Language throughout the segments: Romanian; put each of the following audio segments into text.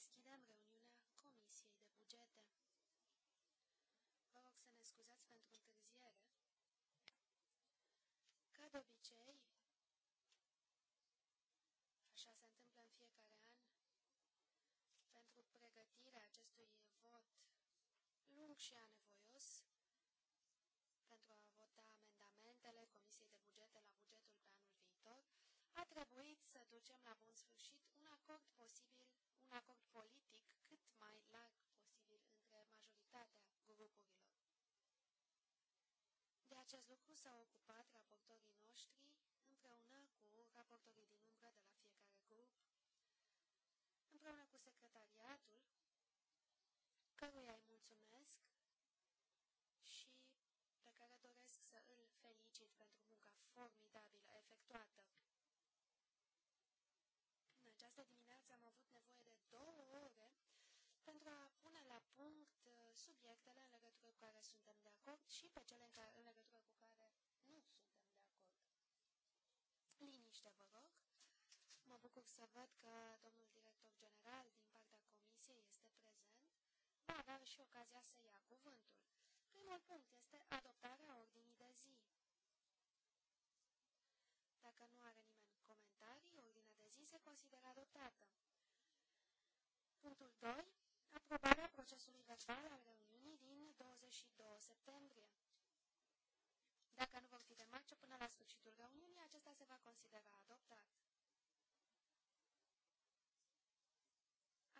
Deschidem reuniunea Comisiei de Bugete. Vă rog să ne scuzați pentru întârziere. Ca de obicei, așa se întâmplă în fiecare an, pentru pregătirea acestui vot lung și anevoios, pentru a vota amendamentele Comisiei de Bugete la bugetul pe anul viitor, a trebuit să ducem la bun sfârșit un acord posibil un acord politic cât mai larg posibil între majoritatea grupurilor. De acest lucru s-au ocupat raportorii noștri împreună cu raportorii din umbră de la fiecare grup, împreună cu secretariatul, căruia îi subiectele în legătură cu care suntem de acord și pe cele în, care, în legătură cu care nu suntem de acord. Liniște, vă rog. Mă bucur să văd că domnul director general din partea comisiei este prezent. Va avea și ocazia să ia cuvântul. Primul punct este adoptarea ordinii de zi. Dacă nu are nimeni comentarii, ordinea de zi se consideră adoptată. Punctul 2. Aprobarea procesului verbal al reuniunii din 22 septembrie. Dacă nu vor fi remarce până la sfârșitul reuniunii, acesta se va considera adoptat.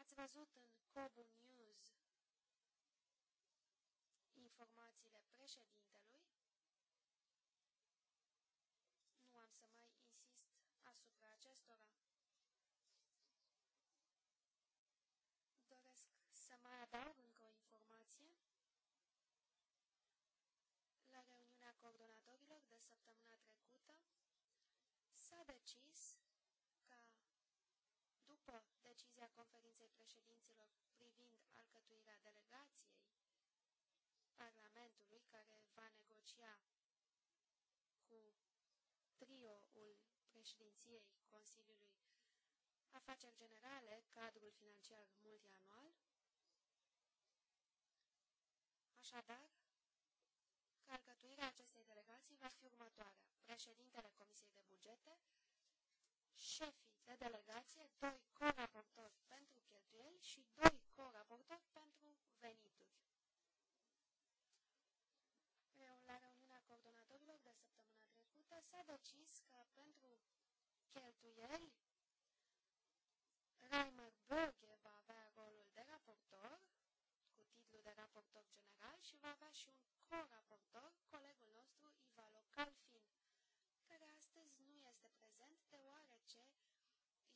Ați văzut în Cobu News informațiile președinte Așadar, încă o informație. La reuniunea coordonatorilor de săptămâna trecută s-a decis ca, după decizia conferinței președinților privind alcătuirea delegației Parlamentului, care va negocia cu trioul președinției Consiliului Afaceri Generale, cadrul financiar, Așadar, carcătuirea acestei delegații va fi următoarea. Președintele Comisiei de Bugete, șefii de delegație, doi co-raportori pentru cheltuieli și doi co-raportori pentru venituri. La reuniunea coordonatorilor de săptămâna trecută s-a decis pentru cheltuieli va avea și un co-raportor, colegul nostru Ivalo Calfin, care astăzi nu este prezent deoarece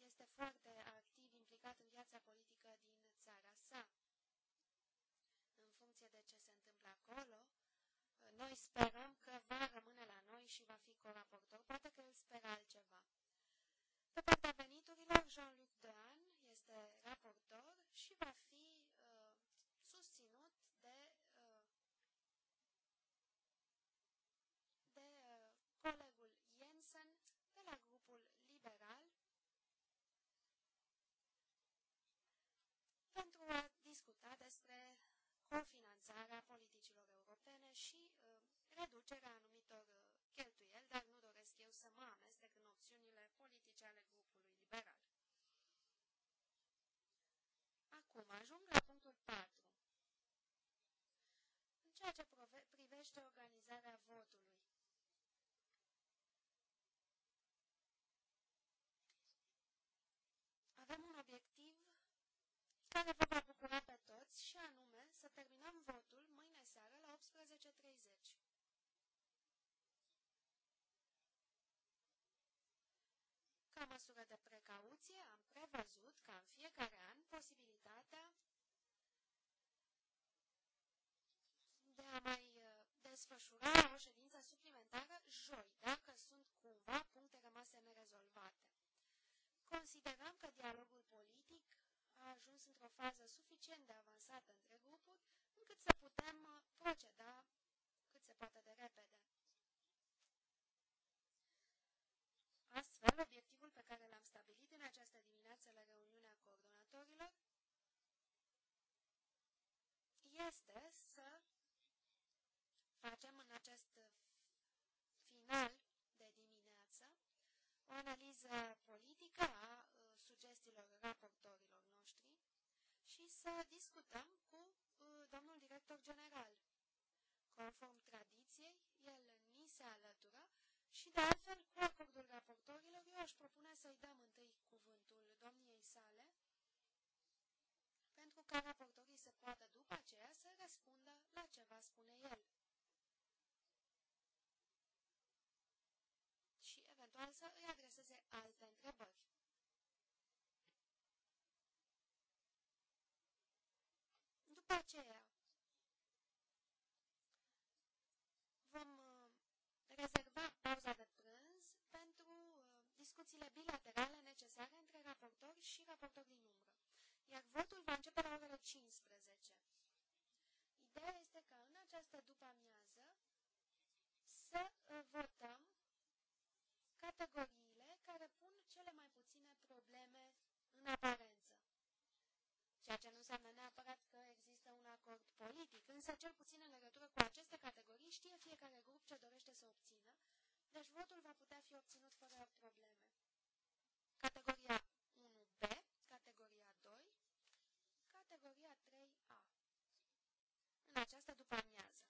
este foarte activ implicat în viața politică din țara sa. În funcție de ce se întâmplă acolo, noi sperăm că va rămâne la noi și va fi coraportor, poate că el speră altceva. Pe partea veniturilor, Jean-Luc și uh, reducerea anumitor uh, cheltuieli, dar nu doresc eu să mă amestec în opțiunile politice ale grupului liberal. Acum ajung la punctul 4. În ceea ce privește organizarea votului, avem un obiectiv care vă va bucura pe toți și anume să terminăm votul seară la 18.30. Ca măsură de precauție, am prevăzut ca în fiecare an posibilitatea de a mai uh, desfășura o ședință suplimentară joi, dacă sunt cumva puncte rămase nerezolvate. Considerăm că dialogul politic a ajuns într-o fază suficient de avansată între grupuri încât să putem proceda uh, cât se poate de repede. Astfel, obiectivul pe care l-am stabilit în această dimineață la reuniunea coordonatorilor este să facem în acest final de dimineață o analiză politică a uh, sugestiilor raportorilor noștri și să discutăm cu conform tradiției, el ni se alătură și, de altfel, cu acordul raportorilor, eu aș propune să-i dăm întâi cuvântul domniei sale, pentru ca raportorii să poată după aceea să răspundă la ce va spune el. Și, eventual, să îi adreseze alte întrebări. După aceea, pauza de prânz pentru uh, discuțiile bilaterale necesare între raportori și raportori din umbră, iar votul va începe la orele 15. Ideea este ca în această după-amiază să uh, votăm categoriile care pun cele mai puține probleme în aparență. Ceea ce nu înseamnă neapărat că există un acord politic, însă cel puțin în legătură cu aceste categorii știe fiecare grup ce dorește să obțină deci votul va putea fi obținut fără probleme. Categoria 1B, categoria 2, categoria 3A. În această după amiază.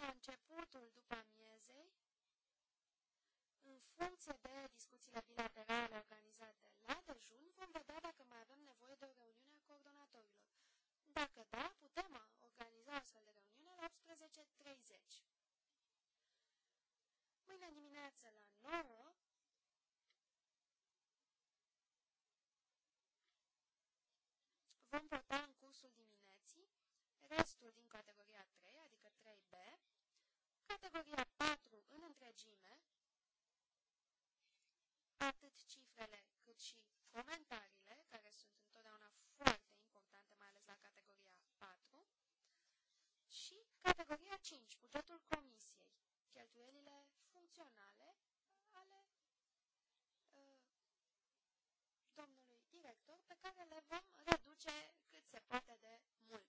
La începutul după amiezei, în funcție de discuțiile bilaterale organizate la dejun, vom vedea dacă mai avem nevoie de o reuniune a coordonatorilor. Dacă da, mâine dimineață la 9 vom vota în cursul dimineții restul din categoria 3, adică 3B, categoria 4 în întregime, atât cifrele cât și comentariile, care sunt întotdeauna foarte importante, mai ales la categoria 4, și categoria 5, bugetul comisiei, cheltuielile funcționale ale uh, domnului director, pe care le vom reduce cât se poate de mult.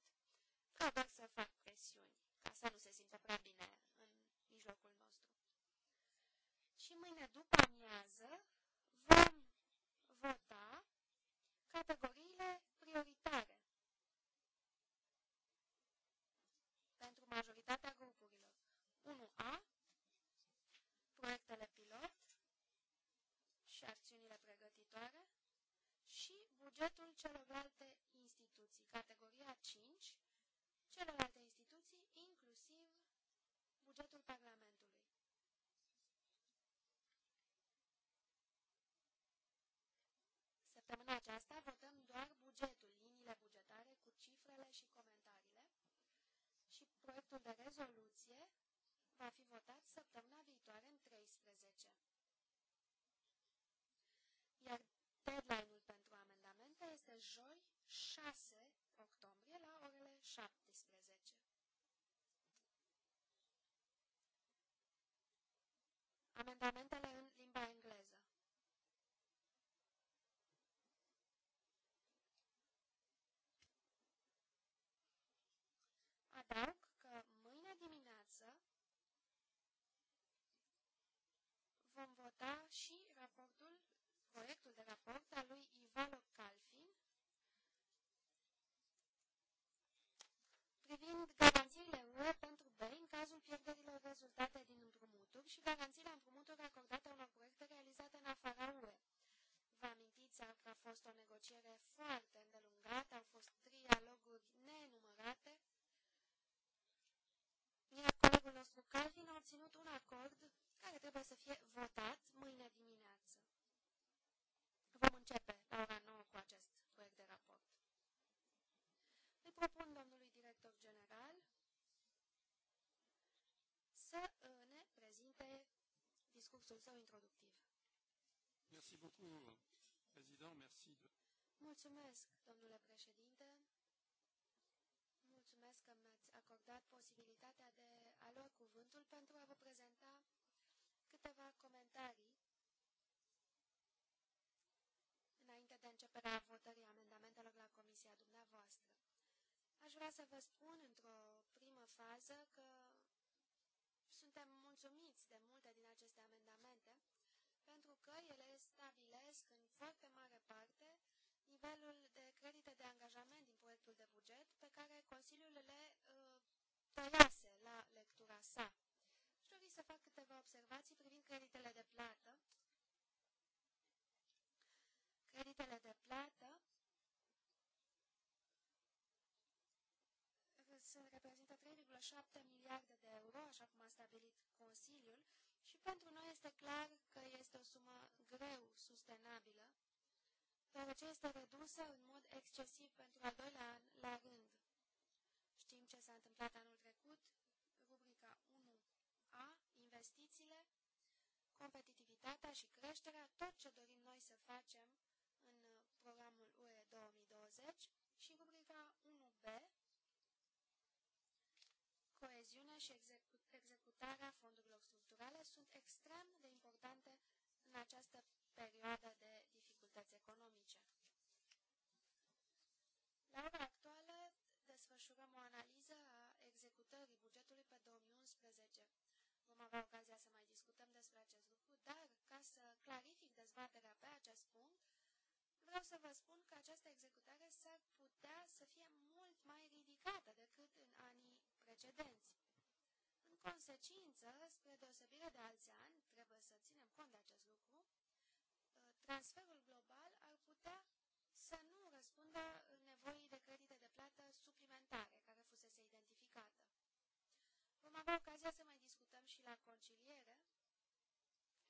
Vreau doar să fac presiuni, ca să nu se simtă prea bine în mijlocul nostru. Și mâine după amiază vom vota categoria bugetul celorlalte instituții, categoria 5, celelalte instituții, inclusiv bugetul Parlamentului. Săptămâna aceasta votăm doar bugetul, liniile bugetare cu cifrele și comentariile și proiectul de rezoluție va fi votat săptămâna viitoare în 13. Iar deadline joi, 6 octombrie, la orele 17. Amendamentele în limba engleză. Adaug că mâine dimineață vom vota și raportul, proiectul de raport al lui Ivalo privind garanțiile UE pentru BEI în cazul pierderilor rezultate din împrumuturi și garanțiile împrumuturi acordate unor proiecte realizate în afara UE. Vă amintiți că a fost o negociere foarte îndelungată, au fost trialoguri nenumărate, iar colegul nostru Calvin a obținut un acord care trebuie să fie votat mâine dimineață discursul său introductiv. Merci beaucoup, président. Merci de... Mulțumesc, domnule președinte. Mulțumesc că mi-ați acordat posibilitatea de a lua cuvântul pentru a vă prezenta câteva comentarii înainte de începerea votării amendamentelor la comisia dumneavoastră. Aș vrea să vă spun într-o primă fază că suntem mulțumiți de multe din că ele stabilesc în foarte mare parte nivelul de credite de angajament din proiectul de buget pe care Consiliul le uh, tăiase la lectura sa. Și dori să fac câteva observații privind creditele de plată. Creditele de plată reprezintă 3,7 miliarde de euro, așa cum a stabilit Consiliul, și pentru noi este clar că este o sumă greu sustenabilă, deoarece este redusă în mod excesiv pentru al doilea an la rând. Știm ce s-a întâmplat anul trecut, rubrica 1A, investițiile, competitivitatea și creșterea, tot ce dorim noi să facem în programul UE 2020 și rubrica 1B, coeziune și execuție executarea fondurilor structurale sunt extrem de importante în această perioadă de dificultăți economice. La ora actuală desfășurăm o analiză a executării bugetului pe 2011. Vom avea ocazia să mai discutăm despre acest lucru, dar ca să clarific dezbaterea pe acest punct, vreau să vă spun că această executare s-ar putea să fie mult mai ridicată decât în anii precedenți consecință, spre deosebire de alți ani, trebuie să ținem cont de acest lucru, ă, transferul global ar putea să nu răspundă nevoii de credite de plată suplimentare care fusese identificată. Vom avea ocazia să mai discutăm și la conciliere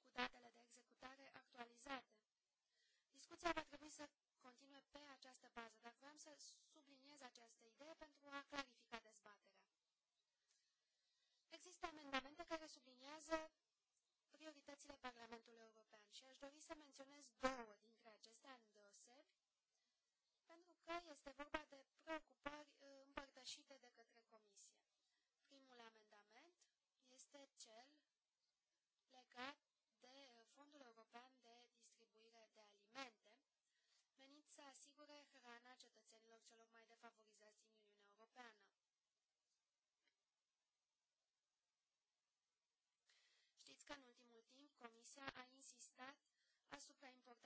cu datele de executare actualizate. Discuția va trebui să continue pe această bază, dar vreau să subliniez această idee pentru a clarifica Există amendamente care subliniază prioritățile Parlamentului European și aș dori să menționez două dintre acestea în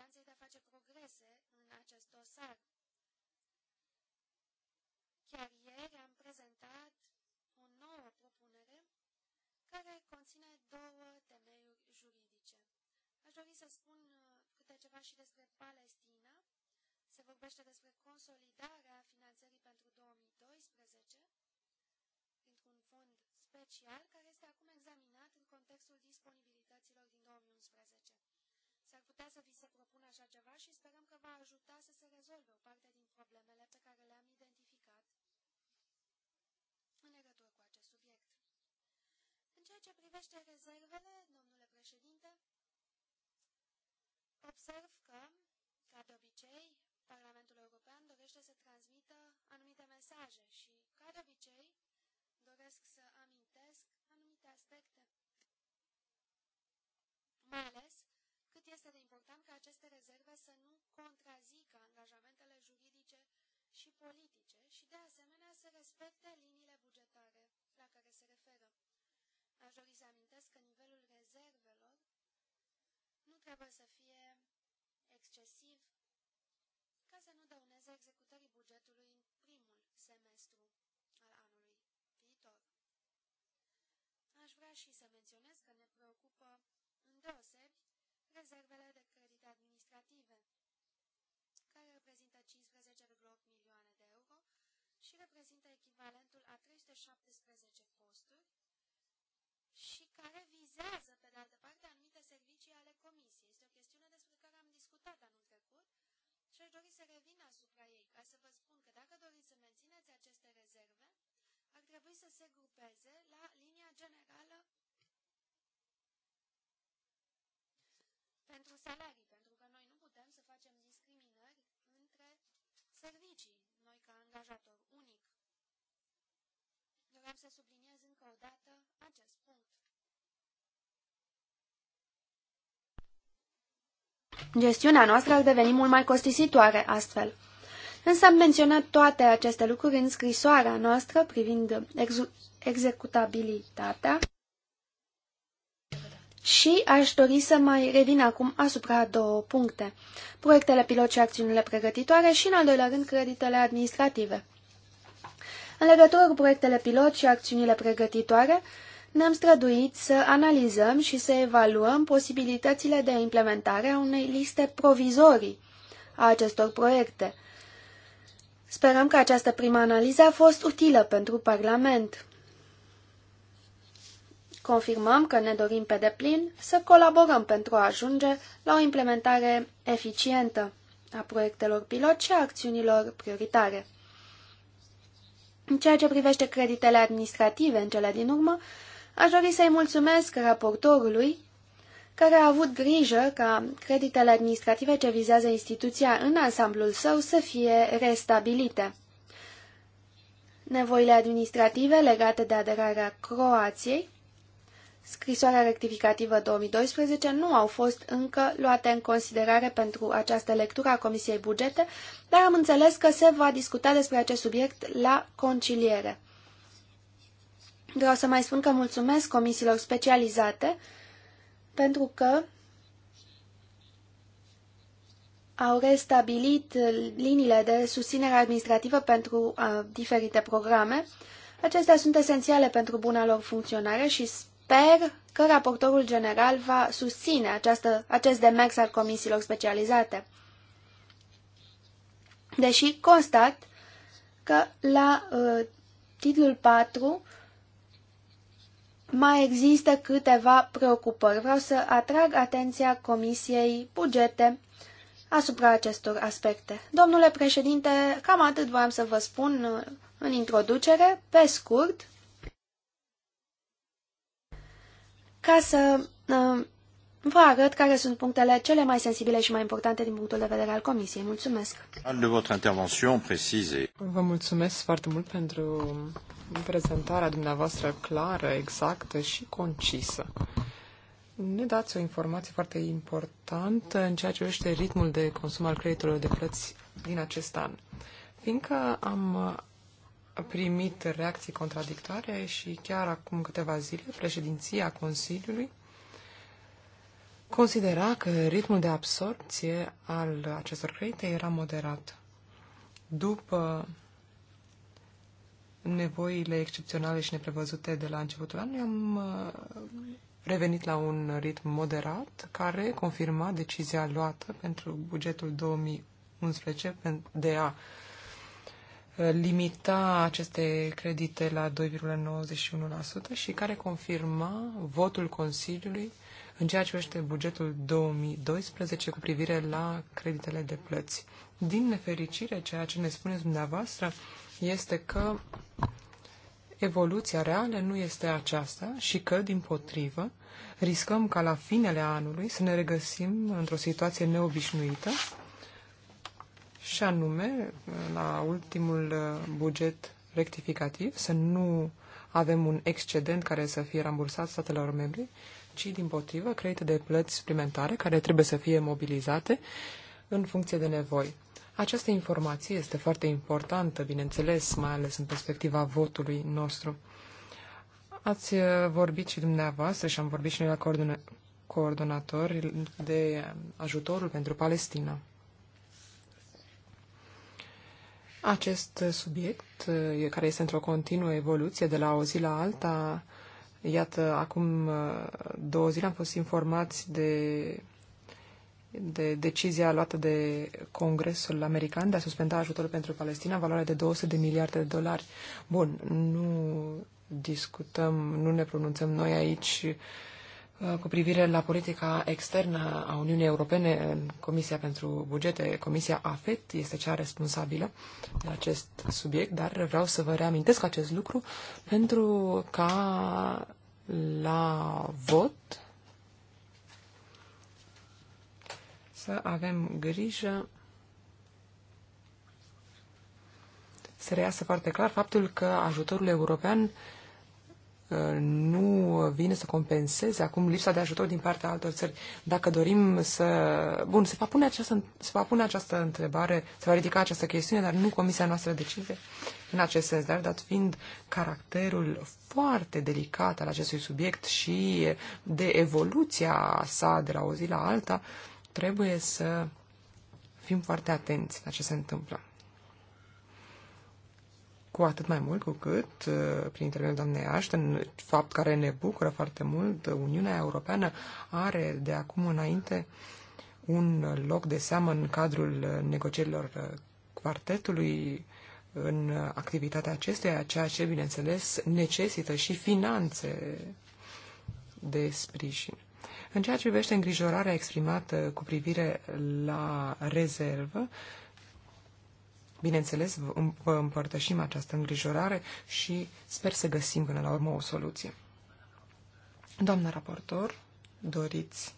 importanței de a face progrese în acest dosar. Chiar ieri am prezentat o nouă propunere care conține două temeiuri juridice. Aș dori să spun uh, câte ceva și despre Palestina. Se vorbește despre consolidarea finanțării pentru 2012 printr-un fond special care este acum examinat în contextul disponibilităților din 2011. S-ar putea să vi se propună așa ceva și sperăm că va ajuta să se rezolve o parte din problemele pe care le-am identificat în legătură cu acest subiect. În ceea ce privește rezervele, domnule președinte, observ că, ca de obicei, Parlamentul European dorește să transmită anumite mesaje și, ca de obicei, doresc să amintesc anumite aspecte. este de important ca aceste rezerve să nu contrazică angajamentele juridice și politice și, de asemenea, să respecte liniile bugetare la care se referă. Aș dori să amintesc că nivelul rezervelor nu trebuie să fie excesiv ca să nu dăuneze executării bugetului în primul semestru al anului viitor. Aș vrea și să menționez că ne preocupă două rezervele de credite administrative, care reprezintă 15,8 milioane de euro și reprezintă echivalentul a 317 posturi și care vizează, pe de altă parte, anumite servicii ale comisiei. Este o chestiune despre care am discutat anul trecut și aș dori să revin asupra ei, ca să vă spun că dacă doriți să mențineți aceste rezerve, ar trebui să se grupeze la linia generală pentru salarii, pentru că noi nu putem să facem discriminări între servicii, noi ca angajator unic. Doream să subliniez încă o dată acest punct. Gestiunea noastră ar deveni mult mai costisitoare astfel. Însă am menționat toate aceste lucruri în scrisoarea noastră privind executabilitatea și aș dori să mai revin acum asupra două puncte. Proiectele pilot și acțiunile pregătitoare și, în al doilea rând, creditele administrative. În legătură cu proiectele pilot și acțiunile pregătitoare, ne-am străduit să analizăm și să evaluăm posibilitățile de implementare a unei liste provizorii a acestor proiecte. Sperăm că această primă analiză a fost utilă pentru Parlament confirmăm că ne dorim pe deplin să colaborăm pentru a ajunge la o implementare eficientă a proiectelor pilot și a acțiunilor prioritare. În ceea ce privește creditele administrative în cele din urmă, aș dori să-i mulțumesc raportorului care a avut grijă ca creditele administrative ce vizează instituția în ansamblul său să fie restabilite. Nevoile administrative legate de aderarea Croației scrisoarea rectificativă 2012 nu au fost încă luate în considerare pentru această lectură a Comisiei Bugete, dar am înțeles că se va discuta despre acest subiect la conciliere. Vreau să mai spun că mulțumesc comisiilor specializate pentru că au restabilit liniile de susținere administrativă pentru uh, diferite programe. Acestea sunt esențiale pentru buna lor funcționare și Sper că raportorul general va susține această, acest demers al comisiilor specializate. Deși constat că la uh, titlul 4 mai există câteva preocupări. Vreau să atrag atenția Comisiei Bugete asupra acestor aspecte. Domnule președinte, cam atât voiam să vă spun uh, în introducere, pe scurt, ca să uh, vă arăt care sunt punctele cele mai sensibile și mai importante din punctul de vedere al Comisiei. Mulțumesc! Vă mulțumesc foarte mult pentru prezentarea dumneavoastră clară, exactă și concisă. Ne dați o informație foarte importantă în ceea ce privește ritmul de consum al creditelor de plăți din acest an. Fiindcă am primit reacții contradictoare și chiar acum câteva zile președinția Consiliului considera că ritmul de absorpție al acestor credite era moderat. După nevoile excepționale și neprevăzute de la începutul anului, am uh, revenit la un ritm moderat care confirma decizia luată pentru bugetul 2011 de a limita aceste credite la 2,91% și care confirma votul Consiliului în ceea ce privește bugetul 2012 cu privire la creditele de plăți. Din nefericire, ceea ce ne spuneți dumneavoastră este că evoluția reală nu este aceasta și că, din potrivă, riscăm ca la finele anului să ne regăsim într-o situație neobișnuită și anume, la ultimul uh, buget rectificativ, să nu avem un excedent care să fie rambursat statelor membre, ci din potrivă credite de plăți suplimentare care trebuie să fie mobilizate în funcție de nevoi. Această informație este foarte importantă, bineînțeles, mai ales în perspectiva votului nostru. Ați uh, vorbit și dumneavoastră și am vorbit și noi la coordonatori de ajutorul pentru Palestina. Acest subiect, care este într-o continuă evoluție de la o zi la alta, iată, acum uh, două zile am fost informați de, de decizia luată de Congresul American de a suspenda ajutorul pentru Palestina, valoare de 200 de miliarde de dolari. Bun, nu discutăm, nu ne pronunțăm noi aici uh, Uh, cu privire la politica externă a Uniunii Europene în Comisia pentru Bugete. Comisia AFET este cea responsabilă de acest subiect, dar vreau să vă reamintesc acest lucru pentru ca la vot să avem grijă să reiasă foarte clar faptul că ajutorul european uh, nu vine să compenseze acum lipsa de ajutor din partea altor țări. Dacă dorim să... Bun, se va pune această, se va pune această întrebare, se va ridica această chestiune, dar nu comisia noastră decide în acest sens. Dar dat fiind caracterul foarte delicat al acestui subiect și de evoluția sa de la o zi la alta, trebuie să fim foarte atenți la ce se întâmplă cu atât mai mult cu cât, uh, prin intermediul doamnei Ashton, fapt care ne bucură foarte mult, Uniunea Europeană are de acum înainte un loc de seamă în cadrul uh, negocierilor uh, quartetului în activitatea acesteia, ceea ce, bineînțeles, necesită și finanțe de sprijin. În ceea ce privește îngrijorarea exprimată cu privire la rezervă, Bineînțeles, vă împărtășim această îngrijorare și sper să găsim până la urmă o soluție. Doamna raportor, doriți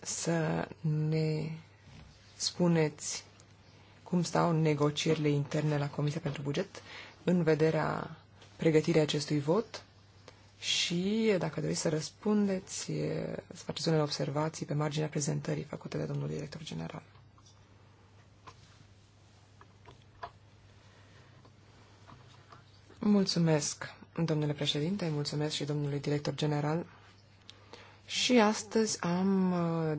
să ne spuneți cum stau negocierile interne la Comisia pentru Buget în vederea pregătirii acestui vot și dacă doriți să răspundeți, să faceți unele observații pe marginea prezentării făcute de domnul director general. Mulțumesc, domnule președinte, mulțumesc și domnului director general. Și astăzi am uh,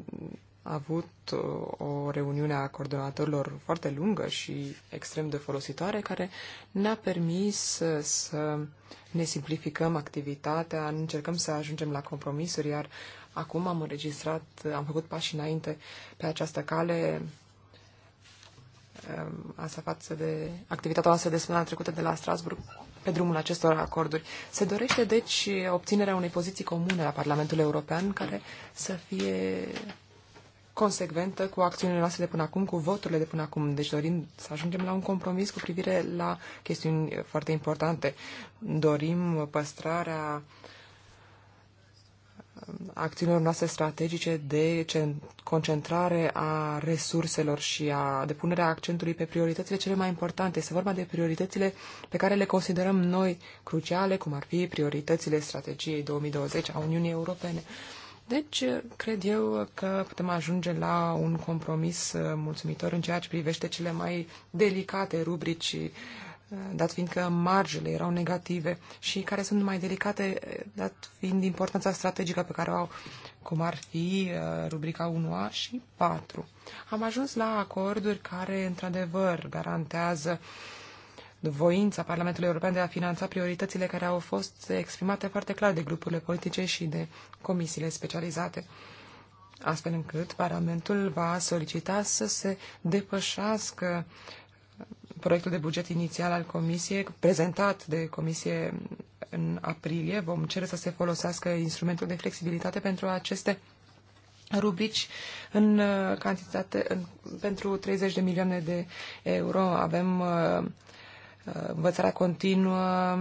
avut uh, o reuniune a coordonatorilor foarte lungă și extrem de folositoare, care ne-a permis uh, să ne simplificăm activitatea, încercăm să ajungem la compromisuri, iar acum am înregistrat, am făcut pași înainte pe această cale um, asta față de activitatea noastră de săptămâna trecută de la Strasburg pe drumul acestor acorduri. Se dorește, deci, obținerea unei poziții comune la Parlamentul European care să fie consecventă cu acțiunile noastre de până acum, cu voturile de până acum. Deci dorim să ajungem la un compromis cu privire la chestiuni foarte importante. Dorim păstrarea uh, acțiunilor noastre strategice de concentrare a resurselor și a depunerea accentului pe prioritățile cele mai importante. Este vorba de prioritățile pe care le considerăm noi cruciale, cum ar fi prioritățile strategiei 2020 a Uniunii Europene. Deci, cred eu că putem ajunge la un compromis uh, mulțumitor în ceea ce privește cele mai delicate rubrici dat fiindcă marjele erau negative și care sunt mai delicate, dat fiind importanța strategică pe care o au, cum ar fi uh, rubrica 1A și 4. Am ajuns la acorduri care, într-adevăr, garantează voința Parlamentului European de a finanța prioritățile care au fost exprimate foarte clar de grupurile politice și de comisiile specializate astfel încât Parlamentul va solicita să se depășească proiectul de buget inițial al Comisiei, prezentat de Comisie în aprilie. Vom cere să se folosească instrumentul de flexibilitate pentru aceste rubrici în uh, cantitate, în, pentru 30 de milioane de euro. Avem uh, uh, învățarea continuă,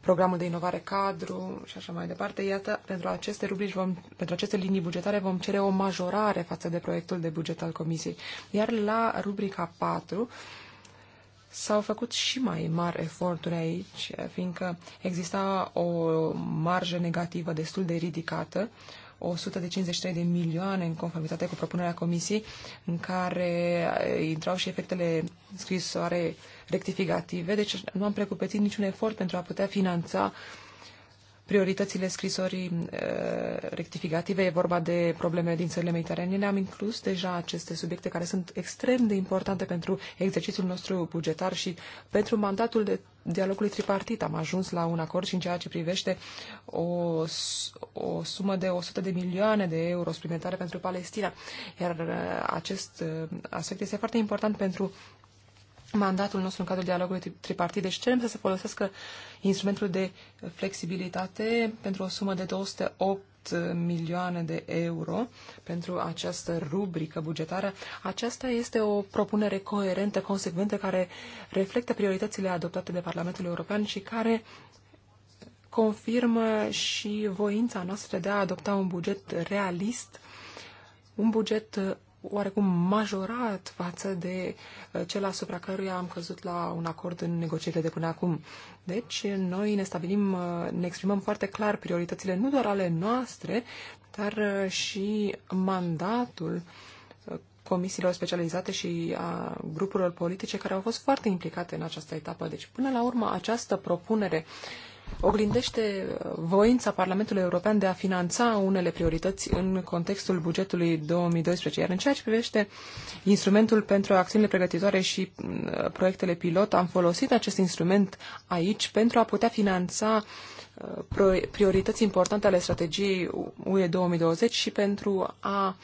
programul de inovare cadru și așa mai departe. Iată, pentru aceste rubrici, vom, pentru aceste linii bugetare vom cere o majorare față de proiectul de buget al Comisiei. Iar la rubrica 4 s-au făcut și mai mari eforturi aici, fiindcă exista o marjă negativă destul de ridicată, 153 de milioane în conformitate cu propunerea comisiei, în care eh, intrau și efectele scrisoare rectificative, deci nu am precupețit niciun efort pentru a putea finanța uh, prioritățile scrisorii uh, rectificative. E vorba de probleme din țările mediteranene. Am inclus deja aceste subiecte care sunt extrem de importante pentru exercițiul nostru bugetar și pentru mandatul de dialogului tripartit. Am ajuns la un acord și în ceea ce privește o, o sumă de 100 de milioane de euro suplimentare pentru Palestina. Iar uh, acest uh, aspect este foarte important pentru mandatul nostru în cadrul dialogului tripartit. Deci cerem să se folosească instrumentul de flexibilitate pentru o sumă de 208 milioane de euro pentru această rubrică bugetară. Aceasta este o propunere coerentă, consecventă, care reflectă prioritățile adoptate de Parlamentul European și care confirmă și voința noastră de a adopta un buget realist, un buget oarecum majorat față de uh, cel asupra căruia am căzut la un acord în negocierile de până acum. Deci, noi ne stabilim, uh, ne exprimăm foarte clar prioritățile nu doar ale noastre, dar uh, și mandatul comisiilor specializate și a grupurilor politice care au fost foarte implicate în această etapă. Deci, până la urmă, această propunere uh, oglindește uh, voința Parlamentului European de a finanța unele priorități în contextul bugetului 2012. Iar în ceea ce privește instrumentul pentru acțiunile pregătitoare și uh, proiectele pilot, am folosit acest instrument aici pentru a putea finanța uh, priorități importante ale strategiei UE 2020 și pentru a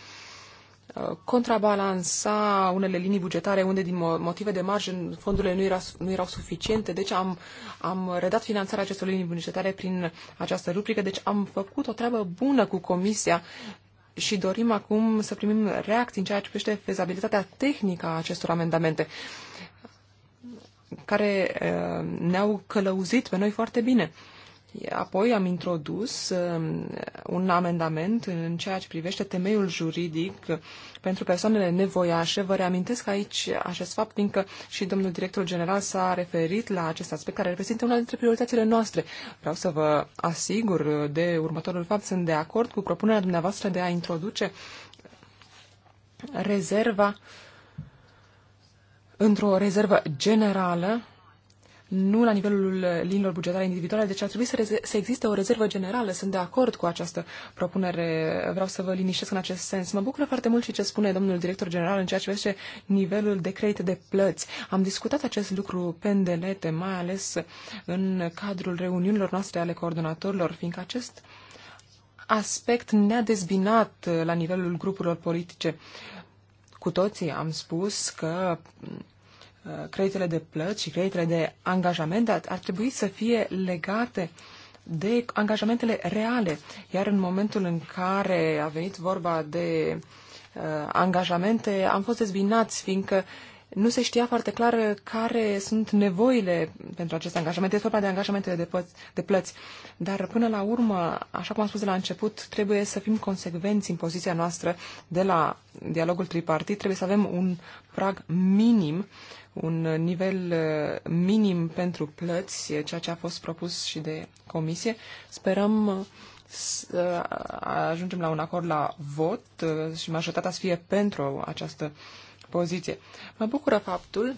Uh, contrabalansa unele linii bugetare unde din motive de marjă fondurile nu, era, nu erau suficiente, deci am, am redat finanțarea acestor linii bugetare prin această rubrică, deci am făcut o treabă bună cu Comisia și dorim acum să primim reacții în ceea ce privește fezabilitatea tehnică a acestor amendamente care uh, ne-au călăuzit pe noi foarte bine. Apoi am introdus um, un amendament în ceea ce privește temeiul juridic pentru persoanele nevoiașe. Vă reamintesc aici acest fapt, fiindcă și domnul director general s-a referit la acest aspect care reprezintă una dintre prioritățile noastre. Vreau să vă asigur de următorul fapt. Sunt de acord cu propunerea dumneavoastră de a introduce rezerva într-o rezervă generală nu la nivelul uh, linilor bugetare individuale, deci ar trebui să, să existe o rezervă generală. Sunt de acord cu această propunere. Vreau să vă liniștesc în acest sens. Mă bucură foarte mult și ce spune domnul director general în ceea ce privește nivelul de credit de plăți. Am discutat acest lucru pendelete, mai ales în cadrul reuniunilor noastre ale coordonatorilor, fiindcă acest aspect ne-a dezbinat uh, la nivelul grupurilor politice. Cu toții am spus că creditele de plăți și creditele de angajament ar, ar trebui să fie legate de angajamentele reale. Iar în momentul în care a venit vorba de uh, angajamente, am fost dezbinați, fiindcă nu se știa foarte clar care sunt nevoile pentru aceste angajamente. Este vorba de angajamentele de, pă- de plăți. Dar până la urmă, așa cum am spus de la început, trebuie să fim consecvenți în poziția noastră de la dialogul tripartit. Trebuie să avem un prag minim uh, un nivel uh, minim pentru plăți, ceea ce a fost propus și de comisie. Sperăm uh, să uh, ajungem la un acord la vot și majoritatea să fie pentru această poziție. Mă bucură faptul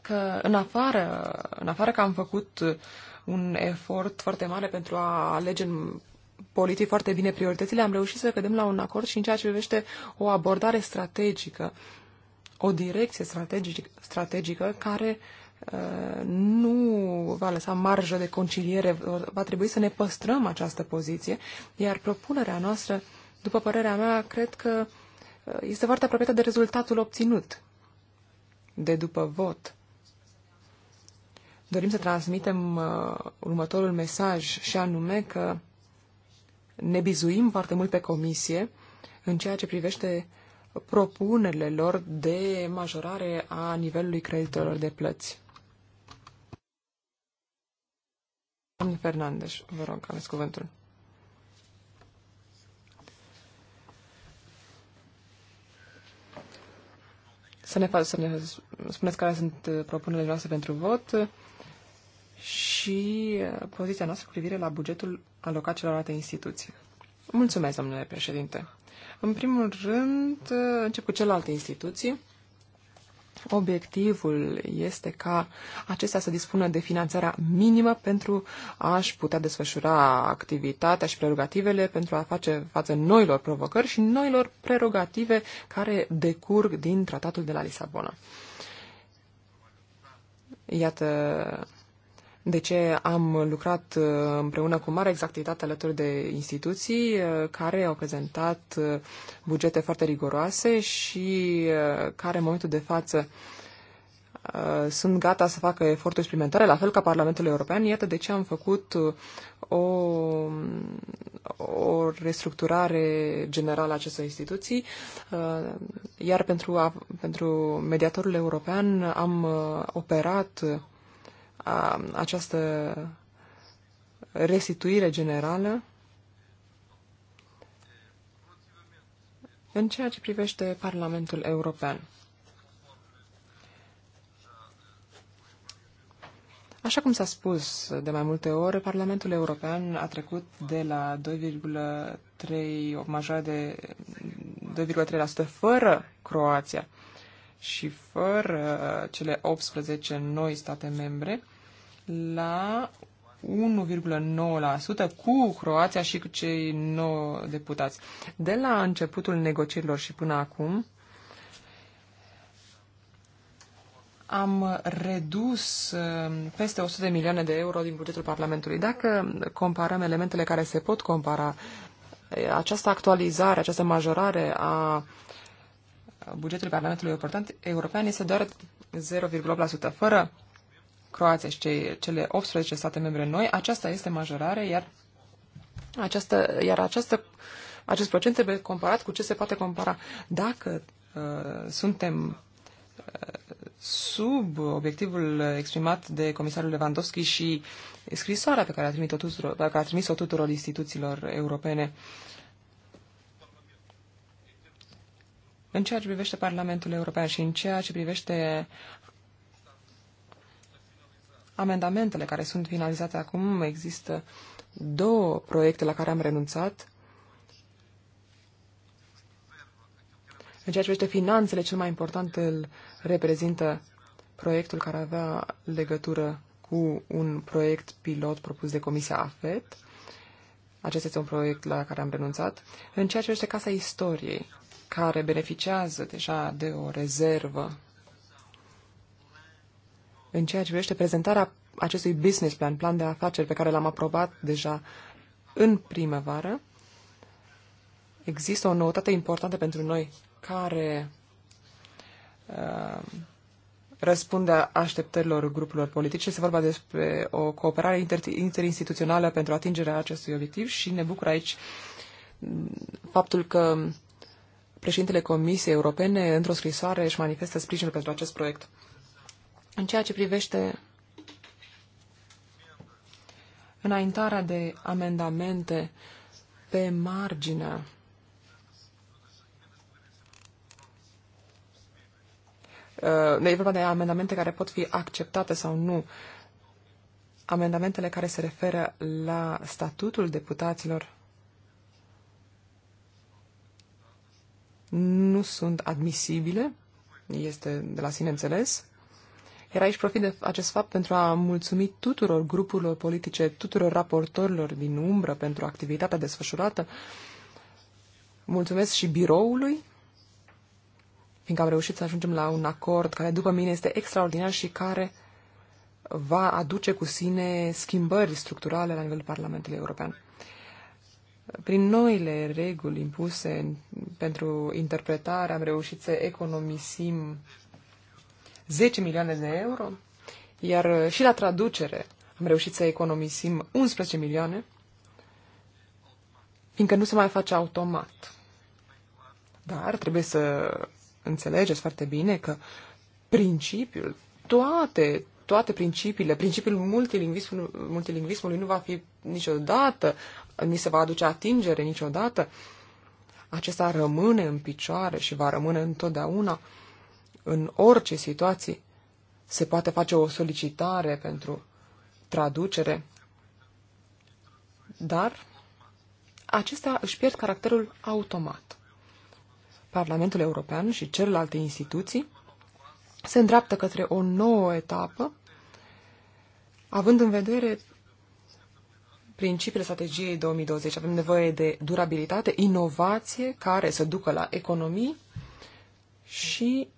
că în afară, în afară că am făcut un efort foarte mare pentru a alege în politic foarte bine prioritățile, am reușit să cădem la un acord și în ceea ce privește o abordare strategică o direcție strategic, strategică care uh, nu va lăsa marjă de conciliere, va trebui să ne păstrăm această poziție, iar propunerea noastră, după părerea mea, cred că uh, este foarte apropiată de rezultatul obținut de după vot. Dorim să transmitem uh, următorul mesaj și anume că ne bizuim foarte mult pe comisie în ceea ce privește propunerile lor de majorare a nivelului creditelor de plăți. Domnul Fernandes, vă rog, aveți cuvântul. Să ne, să ne spuneți care sunt uh, propunerile noastre pentru vot și uh, poziția noastră cu privire la bugetul alocat celorlalte instituții. Mulțumesc, domnule președinte. În primul rând, încep cu celelalte instituții. Obiectivul este ca acestea să dispună de finanțarea minimă pentru a-și putea desfășura activitatea și prerogativele pentru a face față noilor provocări și noilor prerogative care decurg din tratatul de la Lisabona. Iată de ce am lucrat uh, împreună cu mare exactitate alături de instituții uh, care au prezentat uh, bugete foarte riguroase și care în momentul de față sunt gata să facă eforturi suplimentare, la fel ca Parlamentul European. Iată de ce am făcut o, o restructurare generală a acestor instituții, iar pentru, pentru mediatorul european am operat a, această restituire generală. În ceea ce privește Parlamentul European. Așa cum s-a spus de mai multe ori, Parlamentul European a trecut de la 2,3, de 2,3% fără Croația și fără cele 18 noi state membre la 1,9% cu Croația și cu cei 9 deputați. De la începutul negocierilor și până acum am redus uh, peste 100 de milioane de euro din bugetul Parlamentului. Dacă comparăm elementele care se pot compara, uh, această actualizare, această majorare a bugetul Parlamentului European este doar 0,8%. Fără Croația și cele 18 state membre noi, aceasta este majorare, iar, această, iar această, acest procent trebuie comparat cu ce se poate compara. Dacă uh, suntem uh, sub obiectivul exprimat de comisarul Lewandowski și scrisoarea pe care a trimis-o tuturor, care a trimis tuturor instituțiilor europene În ceea ce privește Parlamentul European și în ceea ce privește amendamentele care sunt finalizate acum, există două proiecte la care am renunțat. În ceea ce privește finanțele, cel mai important îl reprezintă proiectul care avea legătură cu un proiect pilot propus de Comisia AFET. Acesta este un proiect la care am renunțat. În ceea ce privește Casa Istoriei, care beneficiază deja de o rezervă în ceea ce privește prezentarea acestui business plan, plan de afaceri pe care l-am aprobat deja în primăvară, există o noutate importantă pentru noi care uh, răspunde așteptărilor grupurilor politice. Este vorba despre o cooperare inter- interinstituțională pentru atingerea acestui obiectiv și ne bucur aici mm, faptul că președintele Comisiei Europene, într-o scrisoare, își manifestă sprijinul pentru acest proiect. În ceea ce privește înaintarea de amendamente pe marginea uh, e vorba de amendamente care pot fi acceptate sau nu. Amendamentele care se referă la statutul deputaților nu sunt admisibile, este de la sine înțeles. Era aici profit de acest fapt pentru a mulțumi tuturor grupurilor politice, tuturor raportorilor din umbră pentru activitatea desfășurată. Mulțumesc și biroului, fiindcă am reușit să ajungem la un acord care, după mine, este extraordinar și care va aduce cu sine schimbări structurale la nivelul Parlamentului European prin noile reguli impuse pentru interpretare am reușit să economisim 10 milioane de euro, iar uh, și la traducere am reușit să economisim 11 milioane, fiindcă nu se mai face automat. Dar trebuie să înțelegeți foarte bine că principiul, toate toate principiile, principiul multilingvismului, multilingvismului nu va fi niciodată, ni se va aduce atingere niciodată. Acesta rămâne în picioare și va rămâne întotdeauna în orice situație. Se poate face o solicitare pentru traducere, dar acestea își pierd caracterul automat. Parlamentul European și celelalte instituții se îndreaptă către o nouă etapă Având în vedere principiile strategiei 2020, avem nevoie de durabilitate, inovație care să ducă la economii și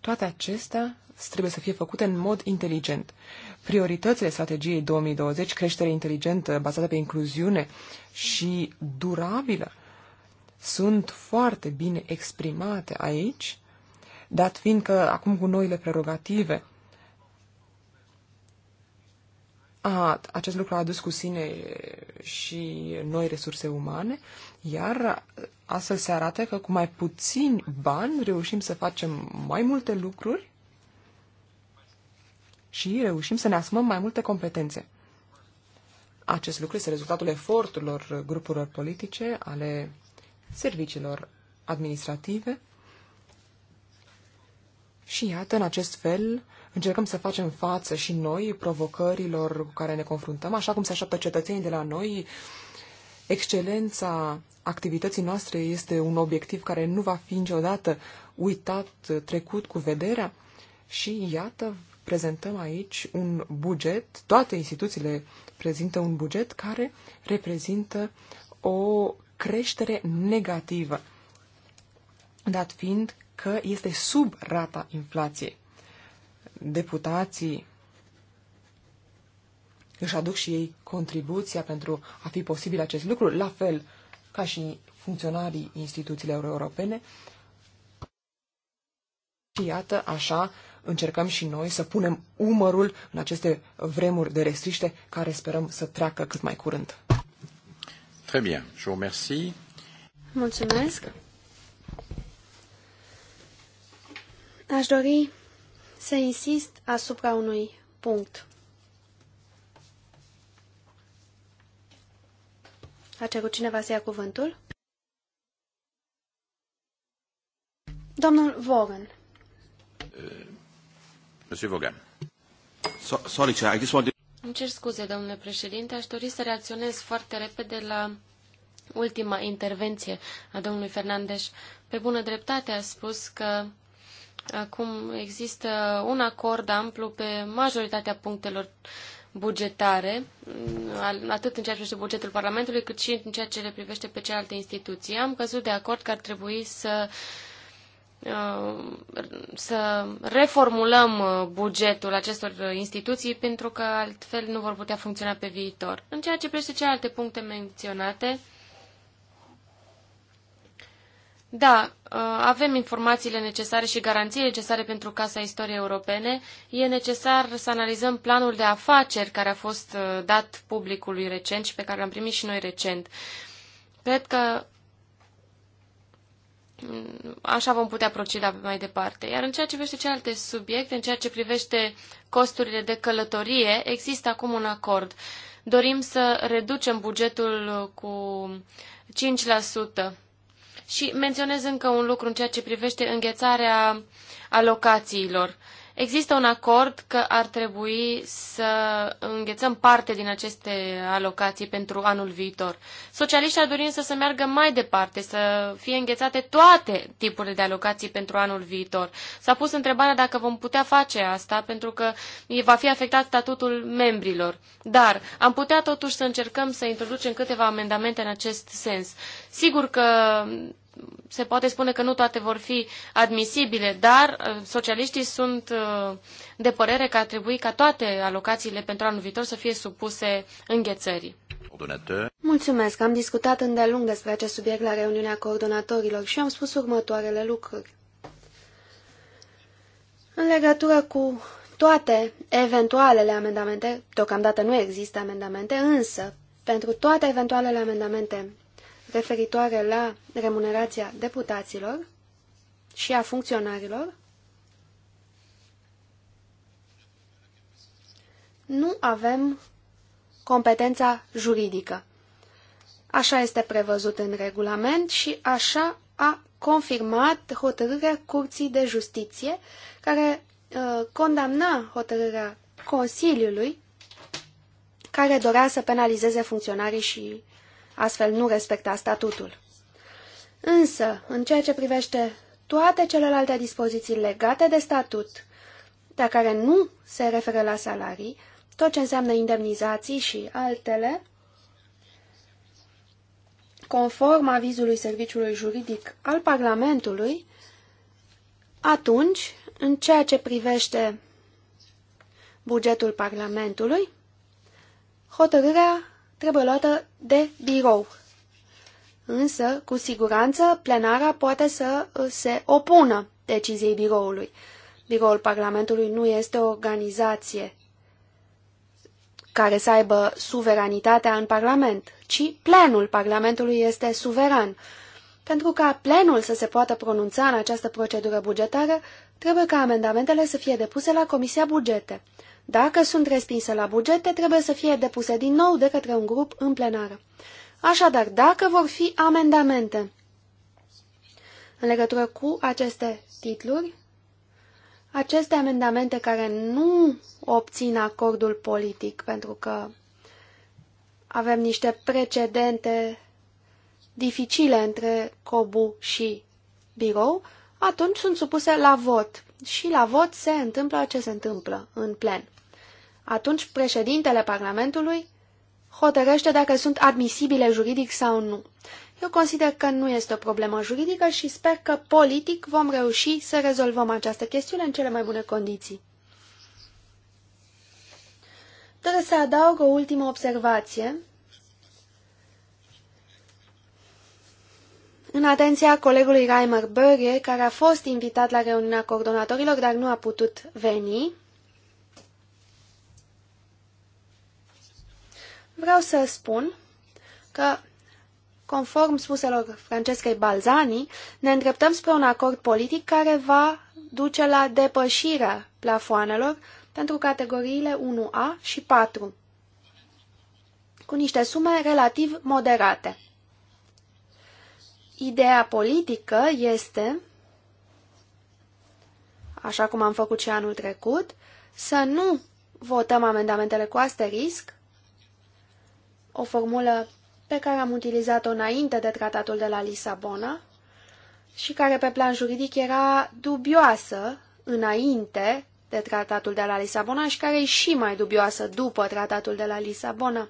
toate acestea trebuie să fie făcute în mod inteligent. Prioritățile strategiei 2020, creștere inteligentă bazată pe incluziune și durabilă, sunt foarte bine exprimate aici, dat fiind că acum cu noile prerogative a, acest lucru a adus cu sine și noi resurse umane, iar astfel se arată că cu mai puțini bani reușim să facem mai multe lucruri și reușim să ne asumăm mai multe competențe. Acest lucru este rezultatul eforturilor grupurilor politice, ale serviciilor administrative și iată, în acest fel, Încercăm să facem față și noi provocărilor cu care ne confruntăm, așa cum se așteaptă cetățenii de la noi. Excelența activității noastre este un obiectiv care nu va fi niciodată uitat, trecut cu vederea și iată, prezentăm aici un buget, toate instituțiile prezintă un buget care reprezintă o creștere negativă, dat fiind că este sub rata inflației deputații își aduc și ei contribuția pentru a fi posibil acest lucru, la fel ca și funcționarii instituțiilor europene. Și iată, așa încercăm și noi să punem umărul în aceste vremuri de restriște care sperăm să treacă cât mai curând. Très bien, je vous remercie. Mulțumesc. Aș dori să insist asupra unui punct. A cerut cineva să ia cuvântul? Domnul Vaughan. Uh, Monsieur Vaughan. Sorry, sorry, I just wanted... Îmi cer scuze, domnule președinte. Aș dori să reacționez foarte repede la ultima intervenție a domnului Fernandez. Pe bună dreptate a spus că Acum există un acord amplu pe majoritatea punctelor bugetare, atât în ceea ce privește bugetul Parlamentului, cât și în ceea ce le privește pe celelalte instituții. Am căzut de acord că ar trebui să uh, să reformulăm uh, bugetul acestor instituții pentru că altfel nu vor putea funcționa pe viitor. În ceea ce privește celelalte puncte menționate, da, uh, avem informațiile necesare și garanțiile necesare pentru Casa Istoriei Europene. E necesar să analizăm planul de afaceri care a fost uh, dat publicului recent și pe care l-am primit și noi recent. Cred că mm, așa vom putea proceda mai departe. Iar în ceea ce privește celelalte subiecte, în ceea ce privește costurile de călătorie, există acum un acord. Dorim să reducem bugetul cu 5%. Și menționez încă un lucru în ceea ce privește înghețarea alocațiilor. Există un acord că ar trebui să înghețăm parte din aceste alocații pentru anul viitor. Socialiștii ar dori însă să meargă mai departe, să fie înghețate toate tipurile de alocații pentru anul viitor. S-a pus întrebarea dacă vom putea face asta, pentru că va fi afectat statutul membrilor. Dar am putea totuși să încercăm să introducem câteva amendamente în acest sens. Sigur că se poate spune că nu toate vor fi admisibile, dar uh, socialiștii sunt uh, de părere că ar trebui ca toate alocațiile pentru anul viitor să fie supuse înghețării. Mulțumesc, am discutat îndelung despre acest subiect la reuniunea coordonatorilor și am spus următoarele lucruri. În legătură cu toate eventualele amendamente, deocamdată nu există amendamente, însă pentru toate eventualele amendamente referitoare la remunerația deputaților și a funcționarilor, nu avem competența juridică. Așa este prevăzut în regulament și așa a confirmat hotărârea Curții de Justiție, care uh, condamna hotărârea Consiliului, care dorea să penalizeze funcționarii și astfel nu respecta statutul. Însă, în ceea ce privește toate celelalte dispoziții legate de statut, dar care nu se referă la salarii, tot ce înseamnă indemnizații și altele, conform avizului Serviciului Juridic al Parlamentului, atunci, în ceea ce privește bugetul Parlamentului, hotărârea trebuie luată de birou. Însă, cu siguranță, plenara poate să uh, se opună deciziei biroului. Biroul Parlamentului nu este o organizație care să aibă suveranitatea în Parlament, ci plenul Parlamentului este suveran. Pentru ca plenul să se poată pronunța în această procedură bugetară, trebuie ca amendamentele să fie depuse la Comisia Bugete. Dacă sunt respinse la bugete, trebuie să fie depuse din nou de către un grup în plenară. Așadar, dacă vor fi amendamente în legătură cu aceste titluri, aceste amendamente care nu obțin acordul politic, pentru că avem niște precedente dificile între COBU și birou, atunci sunt supuse la vot. Și la vot se întâmplă ce se întâmplă în plen atunci președintele Parlamentului hotărăște dacă sunt admisibile juridic sau nu. Eu consider că nu este o problemă juridică și sper că politic vom reuși să rezolvăm această chestiune în cele mai bune condiții. Doresc să adaug o ultimă observație. În atenția colegului Reimer Böge, care a fost invitat la reuniunea coordonatorilor, dar nu a putut veni, Vreau să spun că, conform spuselor Francescai Balzani, ne îndreptăm spre un acord politic care va duce la depășirea plafoanelor pentru categoriile 1A și 4, cu niște sume relativ moderate. Ideea politică este, așa cum am făcut și anul trecut, să nu votăm amendamentele cu asterisc, o formulă pe care am utilizat-o înainte de tratatul de la Lisabona și care pe plan juridic era dubioasă înainte de tratatul de la Lisabona și care e și mai dubioasă după tratatul de la Lisabona.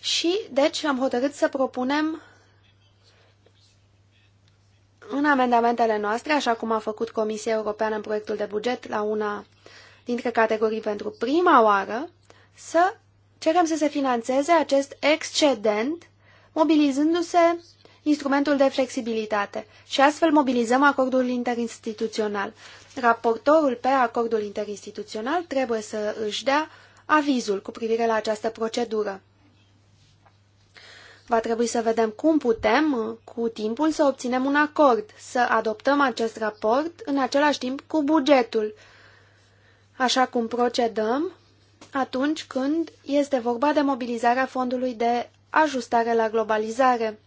Și, deci, am hotărât să propunem în amendamentele noastre, așa cum a făcut Comisia Europeană în proiectul de buget la una dintre categorii pentru prima oară, să Cerem să se financeze acest excedent mobilizându-se instrumentul de flexibilitate și astfel mobilizăm acordul interinstituțional. Raportorul pe acordul interinstituțional trebuie să își dea avizul cu privire la această procedură. Va trebui să vedem cum putem, cu timpul, să obținem un acord, să adoptăm acest raport în același timp cu bugetul. Așa cum procedăm, atunci când este vorba de mobilizarea fondului de ajustare la globalizare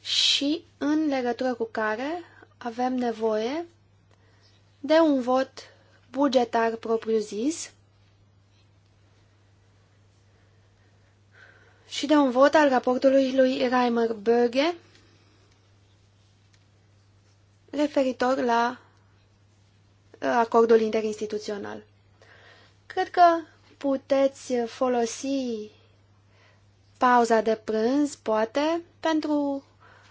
și în legătură cu care avem nevoie de un vot bugetar propriu-zis și de un vot al raportului lui Reimer Böge referitor la uh, acordul interinstituțional. Cred că puteți folosi pauza de prânz, poate, pentru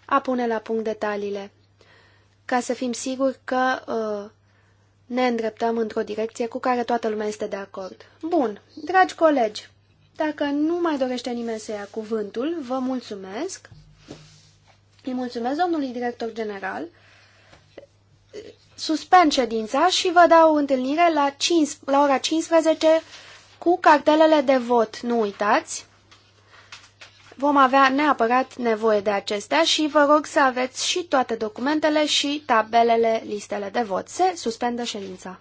a pune la punct detaliile, ca să fim siguri că uh, ne îndreptăm într-o direcție cu care toată lumea este de acord. Bun, dragi colegi, dacă nu mai dorește nimeni să ia cuvântul, vă mulțumesc. Îi mulțumesc domnului director general Suspend ședința și vă dau întâlnire la, 5, la ora 15 cu cartelele de vot. Nu uitați! Vom avea neapărat nevoie de acestea și vă rog să aveți și toate documentele și tabelele, listele de vot. Se suspendă ședința.